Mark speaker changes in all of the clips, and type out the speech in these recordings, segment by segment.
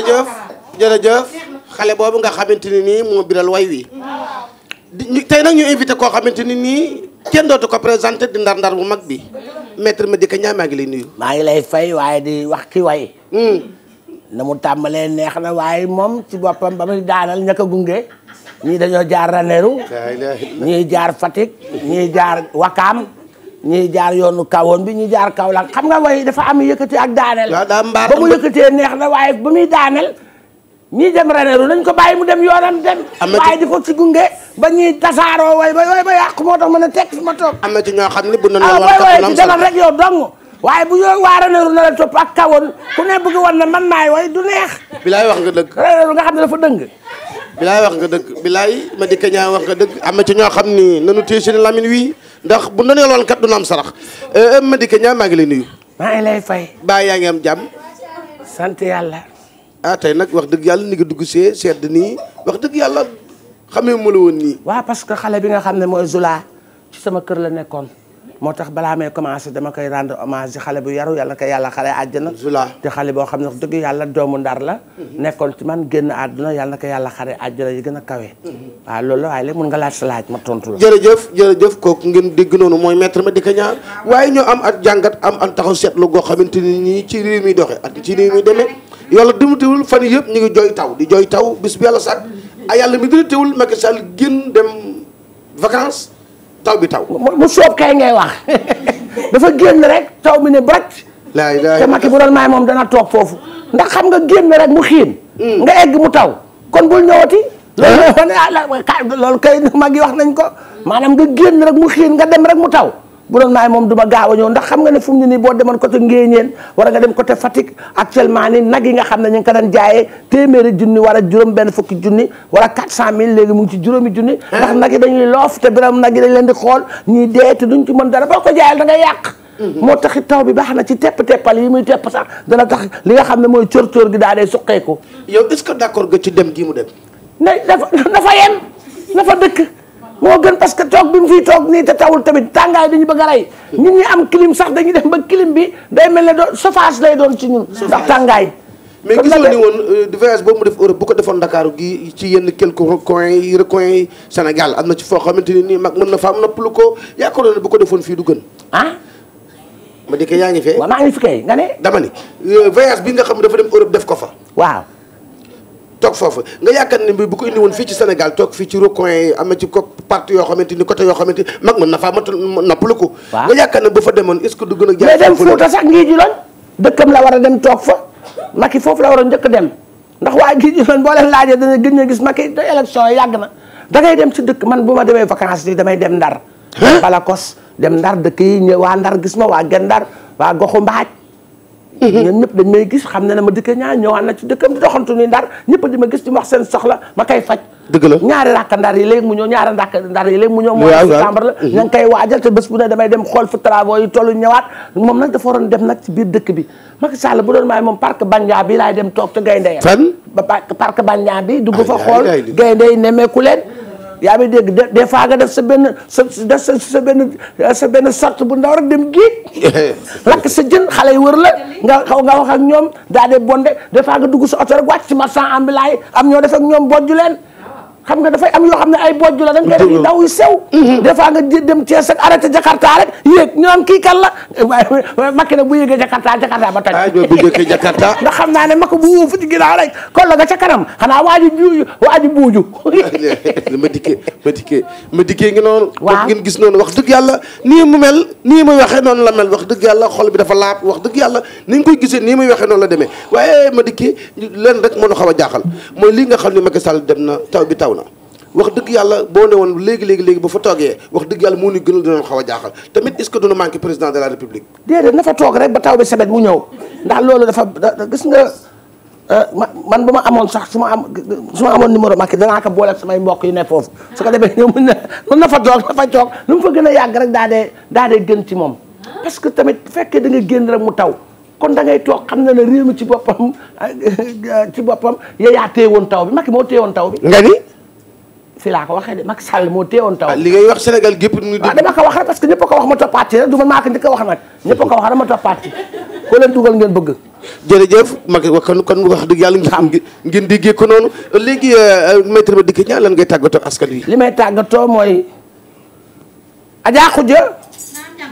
Speaker 1: jërëjëf jërëjëf xale boobu nga xamante ni nii biral way wi tey nag ñu invité koo xamante ni nii kenn dootu ko présenté di ndar-ndar bu mag bi maître Madické Niang maa ngi lay nuyu. maa ngi lay fay waaye di wax ki way. Hmm. na mu tàmbalee neex na waaye moom ci boppam ba muy daanal ñaka gunge ñii dañoo jaar Ranérou ñii jaar fatik ñii jaar Wakaam. ñii jaar yoonu kawoon bi ñii jaar kaw xam nga way dafa am yëkkati ak daaneel ba mu yëkkatee neex na waaye ba muy daaneel ñii dem reneeru nañ ko bàyyi mu dem yoonam dem waaye di ko si gunge ba ñuy tasaaroo way ba way ba yàqu moo tax mën a teg ma am na ci ñoo xam ne bu na way way ci demal rek yow dong bu yo waa reneeru na la topp ak kawoon ku ne bëgg na man maay way du neex bilaay wax nga dëgg reneeru nga xam ne fa dëng bilaay wax nga dëgg bilaay ma di kañaa wax nga dëgg am na ci ñoo xam ni nanu téye seen lamine wii ndax bu doon lool kat du na am sarax eh, eh, ma di kañaa maa ngi lay nuyu. maa ngi lay fay. baa yaa ngi am jàmm. sant yàlla. ah tey nag wax dëgg yàlla ni dugg see sedd nii wax dëgg yàlla xamee mu la woon nii. waaw parce que xale bi nga xam ne mooy Zula ci sama kër la nekkoon. moo tax balaa may commencé dama koy rendre hommage ci xale bu yaru yàlla ko yàlla xale àjjana te xale boo xam ne wax dëgg yàlla doomu ndar la mhm. nekkoon ci man génn àdduna yàlla na ko yàlla xare àjjana yi gën a kawe mhm. waaw loolu la waaye léegi mun nga laaj sa laaj ma tontu la jërëjëf jërëjëf kooku ngeen dégg noonu mooy maître Madické Niang waaye ñoo am ak jàngat am ak taxaw seetlu goo xamante ni ñii ci réew mi doxe ak ci réew mi demee yàlla dimatiwul fan yëpp ñu ngi jooy taw di jooy taw bis bi yàlla sàkk a yàlla mi dina teewul Macky Sall génn dem vacances taw bi taw mu soob kay ngay wax dafa génn rek taw bi ne braj te Macky bu doon maay moom dana toog foofu ndax xam nga génn rek mu xiin hmm. nga egg mu taw kon bul ñëwati loolu ah, loolu kay mag yi wax nañ ko maanaam nga génn rek mu xiin nga dem rek mu taw bu doon maay moom du gaaw a ñëw ndax xam nga ne fu mu ne nii boo demoon côté Ngéeñeen wala nga dem côté Fatick actuellement ni nag yi nga xam ne ñu ngi ko daan eh. loof te biram nag yi leen di xool ñuy dee te duñ ci mën dara boo ko jaayal da yàq mm-hmm. moo taxit taw bi baax na ci tepp teppal yi muy tepp sax dana tax li nga xam ne mooy cóor cóor gi daa dee suqeeku yow est-ce que d'accord nga ci dem gi mu dem na dafa dafa yem na fa dëkk moo gën parce toog bi mu fiy toog nii te tawul tamit tàngaay dañu bëgg a rey ñun ñi am clim sax dañu dem ba clim bi day mel ne doo chauffage doon ci ñun ndax tàngaay mais gisoo ni woon euh, voyage boobu mu def Europe bu ko defoon ndakaaru gi ci yenn quelques recoins yi recoins yi Sénégal am na ci foo xamante ni nii mag mën na faam noppalu ko yaakaaroon ne bu ko defoon fii du gën ah ma di ko yaa ngi fee waaw maa ngi fi kay nga ne dama ni euh, voyage bi nga xam dafa dem Europe def ko fa waaw toog foofu nga yaakaar ne bi bu ko indi woon fii ci Sénégal toog fii ci recoin yi am na ci ko parti yoo xamante ni côté yoo xamante ni mag mën na faa matul noppalu ko nga yaakaar ne bu fa demoon a dem war a dem toog fa Macky foofu la war a njëkk dem ndax waa ngii ji loon boo leen a dana gën a gis Macky te élection yi yàgg na dangay dem si dëkk man bu ma demee vacances yi damay dem Ndar kos dem Ndar dëkk yi ñëw waa Ndar gis ma waa Gendar waa Goxu Mbaaj ñoom ñëpp dañ may gis xam ne la ñaari rakk ndar yi léegi mu ñëw mhm. moom nag dafa waroon dem nag ci biir dëkk bi Macky Sall bu doon maay moom parc Bandia bi laay dem toog ca gaynde fan ba parc Bandia dugg fa xool gaynde yi nemeeku leen yaa ngi dégg des fois nga def sa benn sa def sa benn sa benn sart bu ndaw rek dem géej lakk sa jën xale yi wër la nga xaw nga wax ak ñoom daa de bonde des fois nga dugg sa oto rek wàcc ci marchand ambulant yi am ñoo def ak ñoom bojju leen xam nga dafay am yoo xam ne ay bojj la dañ koy def daw yu sew mhm. des nga dem Thiès ak arrêté Jakarta rek yéeg ñu naan kii kan la waaye makki nag bu yéegee Jakarta Jakarta ba toj bu jëkkee Jakarta ndax xam naa ne makk bu wóof ci ginnaaw la nga ca kanam xanaa waaju buuju waaju buuju ma dikkee ma dikkee ma dikkee ngi noonu waaw ngeen gis noonu wax dëgg yàlla nii mu mel nii muy waxee noonu la wax dëgg yàlla xol bi dafa laab wax dëgg yàlla ni nga koy gisee nii waxee noonu la demee waaye ma dikkee len rek moo nu xaw a jaaxal mooy li nga xam ne Macky Sall dem na taw bi taw xew na wax dëgg yàlla boo ne woon léegi léegi léegi ba fa toogee wax dëgg yàlla moo ñu gënal dinañ xaw a jaaxal tamit est-ce que duna manqué président de la république déedéet na fa toog rek ba taw bi sebet mu ñëw ndax loolu dafa gis nga euh, man ba ma amoon sax su ma am su amoon numéro Macky danaa ko boole ak samay yu ne foofu su ko defee ñëw mun na mun na fa toog na fa toog lu mu fa gën a yàgg rek daa dee daa dee gën ci moom parce que tamit bu fekkee da génn rek mu taw kon da ngay toog xam na ne réew mi ci boppam ci boppam yow yaa téye woon taw bi Macky moo woon taw bi fii laa ko waxee de Macky Sall moo téewoon taw. Ah, li ngay wax Sénégal gépp ñu dégg. waaw ah, dama wax rek parce que ñëpp a ko wax ma toppaat ci rek du ma maa ko njëkk a a ko wax rek ma toppaat ci ko leen dugal ngeen bëgg. jërëjëf Macky kon wax dëgg yàlla nga xam ngeen déggee ko noonu léegi euh, euh, maître ma dikk ñaan lan ngay tàggatoo askan wi. li may tàggatoo mooy. Adja Khoudia.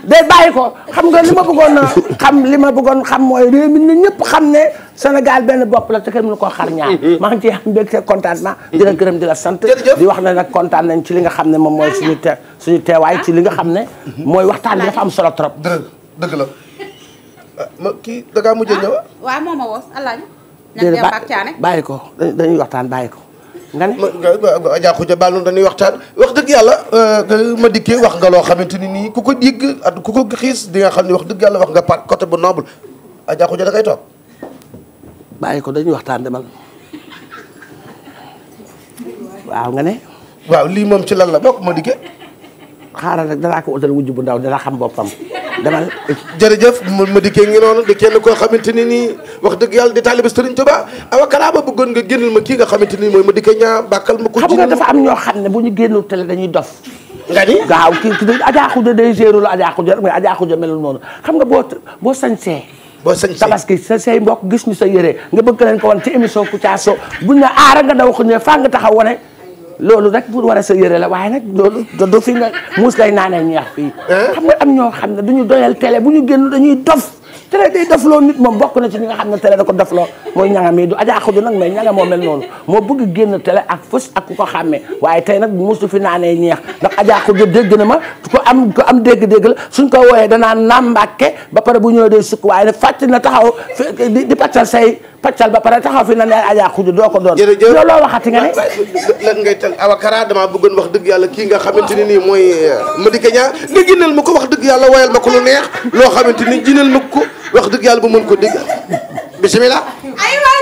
Speaker 1: day bàyyi ko xam nga li ma bëggoon na xam li ma bëggoon xam mooy réew mi ñun ñëpp xam ne Sénégal benn bopp la te kenn mënu ko xar ñaar mhm. maa ngi ciy am mbégte contentement di la gërëm di la sant di wax ne nag kontaan nañ ci li nga xam ne moom mooy suñu te suñu teewaay ci li nga xam ne mhm. mooy waxtaan bi dafa am solo trop dëgg dëgg la ah, ma kii da ngaa mujjee ñëw ah, waaw moo ma woos alaaji bàyyi ko dañuy waxtaan bàyyi ko nga ne Adja Khoudia Bal noonu dañuy waxtaan wax dëgg yàlla euh, ma dikkee wax nga loo xamante ni nii ku ko digg at ku ko xiis di nga xam ne wax dëgg yàlla wax nga par côté bu noble Adja Khoudia da ngay toog bàyyi ko dañuy waxtaan demal waaw nga ne waaw lii moom ci lan la bokk ma dikkee xaaral rek danaa ko utal wujj bu ndaw dana xam boppam demal jërëjëf ma dikkee ngi noonu di kenn koo xamante ni nii wax dëgg yàlla di taalibe Sëriñ Tuubaa awakala ba bëggoon nga génnal ma kii nga xamante ni mooy ma di ñaa bàkkal ma ko xam nga dafa am ñoo xam ne bu ñu génnul télé dañuy dof nga ni waaw kii a Adja Khoudia day gérer la Adja Khoudia rek mais Adja Khoudia melul noonu xam nga boo boo sañsee boo sañsee tabaski sa say mbokk gis ñu sa yére nga bëgg leen ko wan ci émission Kouthia Show bu ne aara nga daw ko faa nga taxaw wane loolu rek pour war a sa yëre la waaye nag loolu do fi nga muus lay naanee ñeex fii. Eh? xam nga am ñoo xam ne duñu doyal tele bu ñu génn dañuy dof. télé day dofloo nit moom bokk na ci ñi nga xam ne télé da ko dofloo mooy ñanga mi du ajaa xudu nag mais ñanga moo mel moo bëgg génn télé ak fës ak ko xàmmee waaye tey nag musu fi naanee ñeex ndax ajaa xudu dégg na ma ko am ko am dégg-dégg la suñ ko wooyee danaa naam mbàkke ba pare bu ñëwee day sukk waaye nag fàcc na taxaw di say paccal ba pare taxaw fi na ne Adja Khoudia doo ko doon. jërëjëf looloo waxati nga ne. lan ngay tal awakara damaa wax dëgg yàlla kii nga xamante ne nii mooy euh, Madické Niang nga génneel ma ko wax dëgg yàlla woyal ma ko lu neex loo xamante ni jineel ma ko wax dëgg yàlla bu mën ko dégg bisimilah.